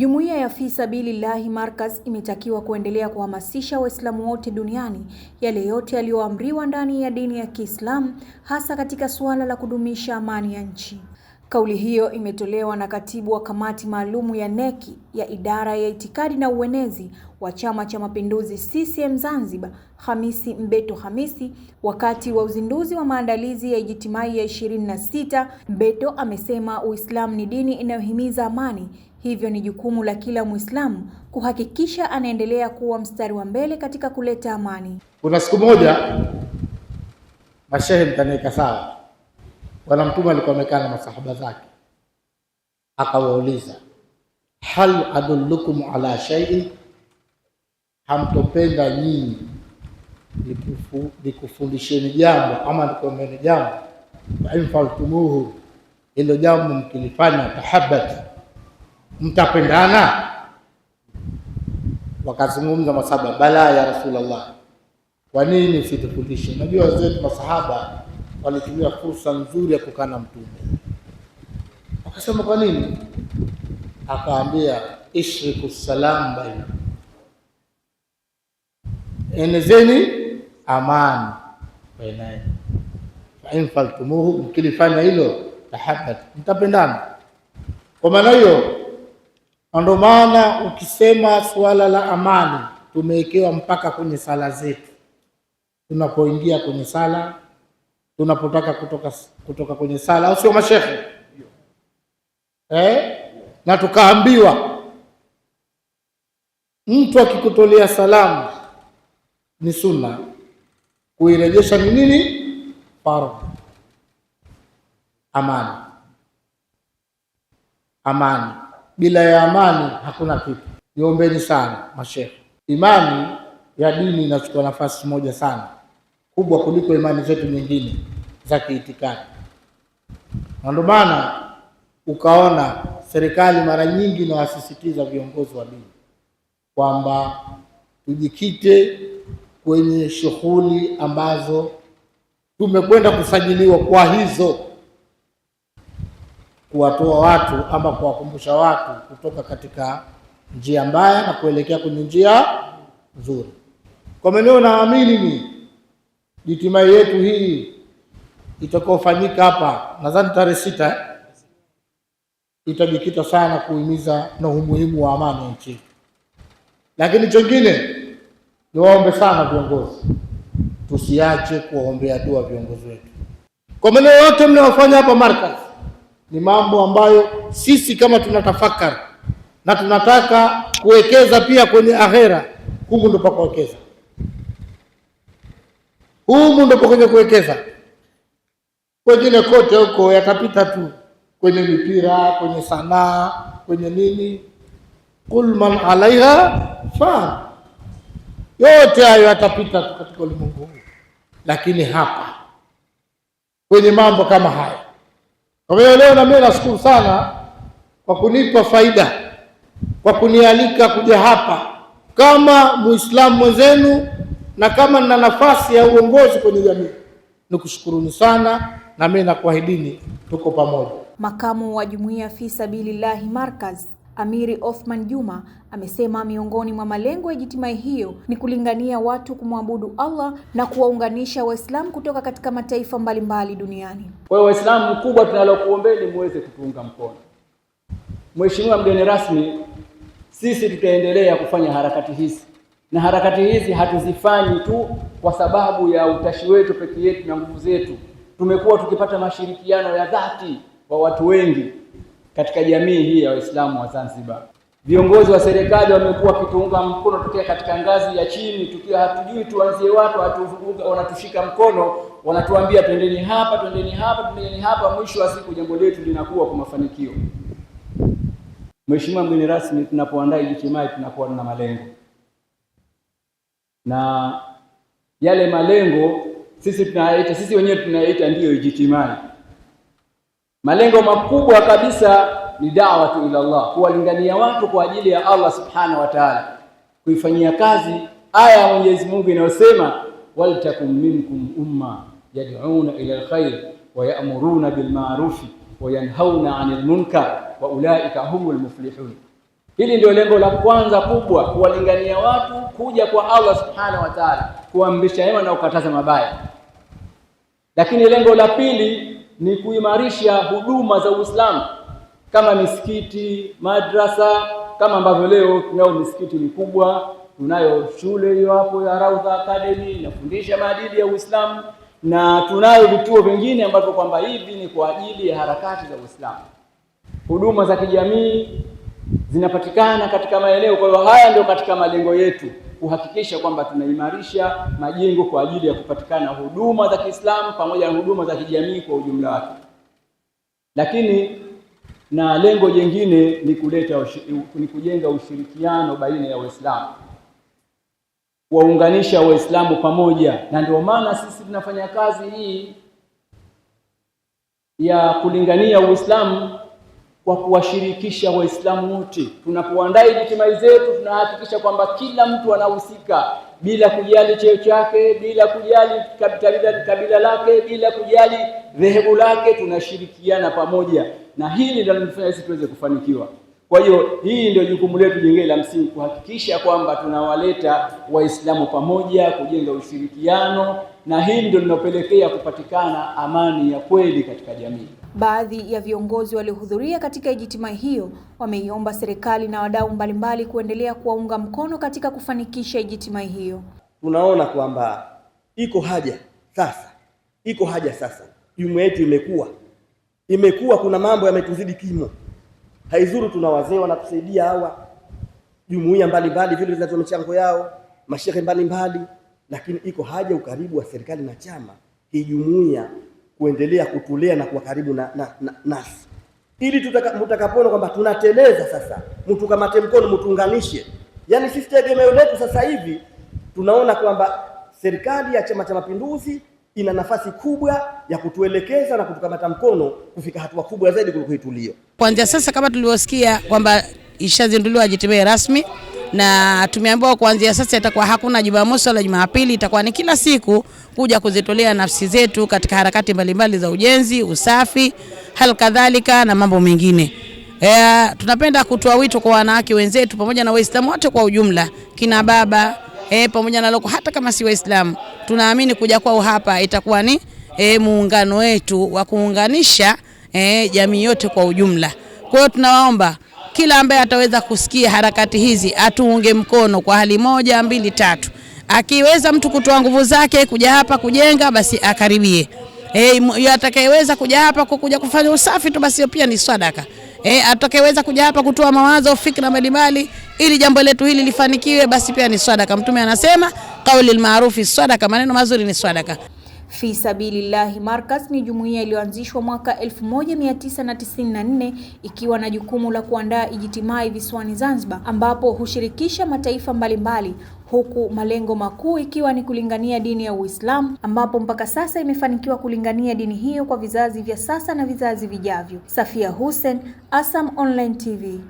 Jumuiya ya Fi Sabilillahi Markaz imetakiwa kuendelea kuhamasisha Waislamu wote duniani yale yote yaliyoamriwa ndani ya dini ya Kiislamu hasa katika suala la kudumisha amani ya nchi. Kauli hiyo imetolewa na katibu wa kamati maalum ya neki ya idara ya itikadi na uenezi wa Chama cha Mapinduzi CCM Zanzibar, Hamisi Mbeto Hamisi, wakati wa uzinduzi wa maandalizi ya Ijtimai ya 26. Mbeto amesema Uislamu ni dini inayohimiza amani, hivyo ni jukumu la kila Mwislamu kuhakikisha anaendelea kuwa mstari wa mbele katika kuleta amani. Kuna siku moja mashehe mtaniweka sawa Bwana Mtume alikuwa amekaa na masahaba zake, akawauliza hal adullukum ala shay'i, hamtopenda nyinyi nikufundisheni jambo ama nikuombeni jambo, fainfaltumuhu, hilo jambo mkilifanya, tahabbat, mtapendana. Wakazungumza masahaba, bala ya Rasulullah, kwa nini usitufundishe? Najua wenzetu masahaba walitumia fursa nzuri ya kukana Mtume. Akasema, kwa nini? Akaambia, ishriku salam baina, enezeni amani baina yenu, fain mkilifanya hilo tahabat mtapendana. Kwa maana hiyo, ndio maana ukisema suala la amani tumewekewa mpaka kwenye sala zetu, tunapoingia kwenye sala tunapotaka kutoka, kutoka kwenye sala, au sio mashehe eh? Na tukaambiwa mtu akikutolea salamu ni sunna, kuirejesha ni nini? Fardhu. Amani, amani. Bila ya amani hakuna kitu. Niombeni sana mashehe, imani ya dini inachukua nafasi moja sana kubwa kuliko imani zetu nyingine za kiitikadi, na ndio maana ukaona serikali mara nyingi inawasisitiza viongozi wa dini kwamba tujikite kwenye shughuli ambazo tumekwenda kusajiliwa kwa hizo, kuwatoa watu ama kuwakumbusha watu kutoka katika njia mbaya na kuelekea kwenye njia nzuri. Kwa maana naamini mimi Jitimai yetu hii itakaofanyika hapa nadhani tarehe sita eh, itajikita sana kuhimiza na umuhimu wa amani nchi. lakini chengine niwaombe sana viongozi, tusiache kuwaombea dua viongozi wetu. Kwa maneno yote mnayofanya hapa Markaz ni mambo ambayo sisi kama tunatafakari na tunataka kuwekeza pia kwenye akhera, huku ndo pakuwekeza. Humu mundo kwenye kuwekeza, kwengine kote huko yatapita tu, kwenye mipira, kwenye sanaa, kwenye nini. Kul man alaiha fan, yote hayo yatapita tu katika ulimwengu huu, lakini hapa kwenye mambo kama haya. Kwa hiyo leo na mimi nashukuru sana kwa kunipa faida, kwa kunialika kuja hapa kama muislamu mwenzenu na kama nina nafasi ya uongozi kwenye jamii, nikushukuruni sana na mimi nakuahidini, tuko pamoja. Makamu wa Jumuiya fi sabilillahi Markaz Amiri Othman Juma amesema miongoni mwa malengo ya jitimai hiyo ni kulingania watu kumwabudu Allah na kuwaunganisha Waislamu kutoka katika mataifa mbalimbali duniani. Kwa hiyo Waislamu, mkubwa tunalokuombeni muweze kutuunga mkono. Mheshimiwa mgeni rasmi, sisi tutaendelea kufanya harakati hizi na harakati hizi hatuzifanyi tu kwa sababu ya utashi wetu peke yetu na nguvu zetu. Tumekuwa tukipata mashirikiano ya dhati kwa watu wengi katika jamii hii ya Waislamu wa Zanzibar. Viongozi wa serikali wamekuwa wakituunga mkono tukiwa katika ngazi ya chini, tukiwa hatujui tuanzie wapi, wanatushika mkono, wanatuambia twendeni hapa, twendeni hapa, twendeni hapa. Mwisho wa siku jambo letu linakuwa kwa mafanikio. Mheshimiwa mgeni rasmi, tunapoandaa ijitimai tunakuwa na malengo na yale malengo sisi tunayaita, sisi wenyewe tunayaita ndiyo ijtimai. Malengo makubwa kabisa ni da'watu ila Allah, kuwalingania watu kwa ajili ya Allah subhanahu wa ta'ala, kuifanyia kazi aya ya Mwenyezi Mungu inayosema waltakum minkum umma yad'una ila alkhair wa ya'muruna bilma'rufi wa yanhauna 'anil munkar wa ulaika humul muflihun. Hili ndio lengo la kwanza kubwa, kuwalingania watu kuja kwa Allah subhanahu wa taala, kuamrisha mema na kukataza mabaya. Lakini lengo la pili ni kuimarisha huduma za Uislamu kama misikiti, madrasa, kama ambavyo leo tunayo misikiti mikubwa, tunayo shule hiyo hapo ya Raudha Academy inafundisha maadili ya Uislamu, na tunayo vituo vingine ambavyo kwamba hivi ni kwa ajili ya harakati za Uislamu, huduma za kijamii zinapatikana katika maeneo. Kwa hiyo haya ndio katika malengo yetu kuhakikisha kwamba tunaimarisha majengo kwa ajili ya kupatikana huduma za Kiislamu pamoja na huduma za kijamii kwa ujumla wake. Lakini na lengo jingine ni kuleta ni kujenga ushirikiano baina ya Waislamu, kuwaunganisha Waislamu pamoja, na ndio maana sisi tunafanya kazi hii ya kulingania Uislamu kwa kuwashirikisha Waislamu wote. Tunapoandaa ijtimai zetu, tunahakikisha kwamba kila mtu anahusika bila kujali cheo chake, bila kujali kabila, kabila lake, bila kujali dhehebu lake, tunashirikiana pamoja, na hili ndio linalofanya sisi tuweze kufanikiwa. Kwa hiyo hii ndio jukumu letu jengine la msingi, kuhakikisha kwamba tunawaleta Waislamu pamoja, kujenga ushirikiano, na hili ndio linopelekea kupatikana amani ya kweli katika jamii. Baadhi ya viongozi waliohudhuria katika ijitima hiyo wameiomba serikali na wadau mbalimbali kuendelea kuwaunga mkono katika kufanikisha ijitima hiyo. Tunaona kwamba iko haja sasa, iko haja sasa, jumuiya yetu imekuwa imekuwa, kuna mambo yametuzidi kimo, haizuru tuna wazee wanatusaidia hawa, jumuiya mbalimbali vile zinazo michango yao, mashehe mbalimbali, lakini iko haja ukaribu wa serikali na chama hii jumuiya kuendelea kutulea na kuwa karibu na, na, na, nasi ili mtakapoona kwamba tunateleza sasa, mtukamate mkono, mtuunganishe. Yaani sisi tegemeo letu sasa hivi tunaona kwamba serikali ya Chama cha Mapinduzi ina nafasi kubwa ya kutuelekeza na kutukamata mkono kufika hatua kubwa zaidi kuliko tulio. Kuanzia sasa, kama tulivyosikia kwamba ishazinduliwa JTBA rasmi na tumeambiwa kuanzia sasa itakuwa hakuna Jumamosi wala Jumapili, itakuwa ni kila siku kuja kuzitolea nafsi zetu katika harakati mbalimbali za ujenzi, usafi, hal kadhalika na mambo mengine. E, tunapenda kutoa wito kwa wanawake wenzetu pamoja na Waislamu wote kwa ujumla, kina baba e, pamoja na loko, hata kama si Waislamu, tunaamini kuja kwao hapa itakuwa ni e, muungano wetu wa kuunganisha e, jamii yote kwa ujumla. Kwa hiyo tunawaomba kila ambaye ataweza kusikia harakati hizi atuunge mkono kwa hali moja, mbili, tatu. Akiweza mtu kutoa nguvu zake kuja hapa kujenga, basi akaribie. E, atakayeweza kuja hapa kukuja kufanya usafi tu, basi pia ni sadaka. E, atakayeweza kuja hapa kutoa mawazo, fikra mbalimbali ili jambo letu hili lifanikiwe, basi pia ni sadaka. Mtume anasema kauli maarufi sadaka, maneno mazuri ni sadaka. Fisabilillahi Markaz ni jumuiya iliyoanzishwa mwaka 1994 ikiwa na jukumu la kuandaa ijitimai visiwani Zanzibar, ambapo hushirikisha mataifa mbalimbali huku malengo makuu ikiwa ni kulingania dini ya Uislamu ambapo mpaka sasa imefanikiwa kulingania dini hiyo kwa vizazi vya sasa na vizazi vijavyo. Safia Hussein, Asam Online TV.